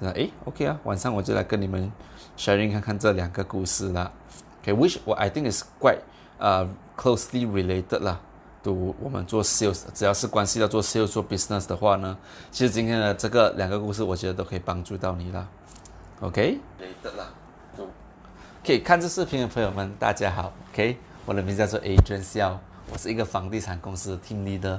那，誒，OK 啊，晚上我就來跟你們 sharing 看看這兩個故事啦。OK，which 我 I think is quite，誒，closely related 啦。都我們做 sales，只要是關係到做 sales 做 business 的話呢，其實今天的這個兩個故事，我覺得都可以幫助到你啦。OK，得啦，都。OK，看這視頻的朋友們，大家好。OK，我的名字叫做 A 娟霄，我是一個房地產公司的 team leader。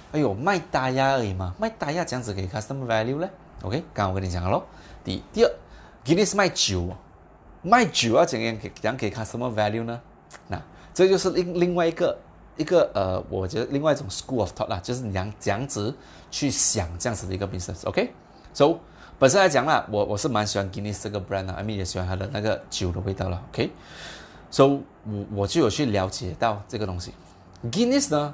哎呦，賣大壓而已嘛，賣大壓，這樣子給以 custom value 呢 OK，剛剛我跟你講了咯。第第二，Guinness 賣酒，賣酒要點樣給，點樣可以睇什麼 value 呢？那、啊、這就是另另外一個一個呃，我覺得另外一種 school of thought 啦，就是你這樣，樣子去想，這樣子的一個 business。OK，So、okay? 本身嚟講啦，我我是蠻喜歡 Guinness 這個 brand、啊、I mean 也喜歡它的那個酒的味道啦。OK，So、okay? 我我就有去了解到這個東西，Guinness 呢？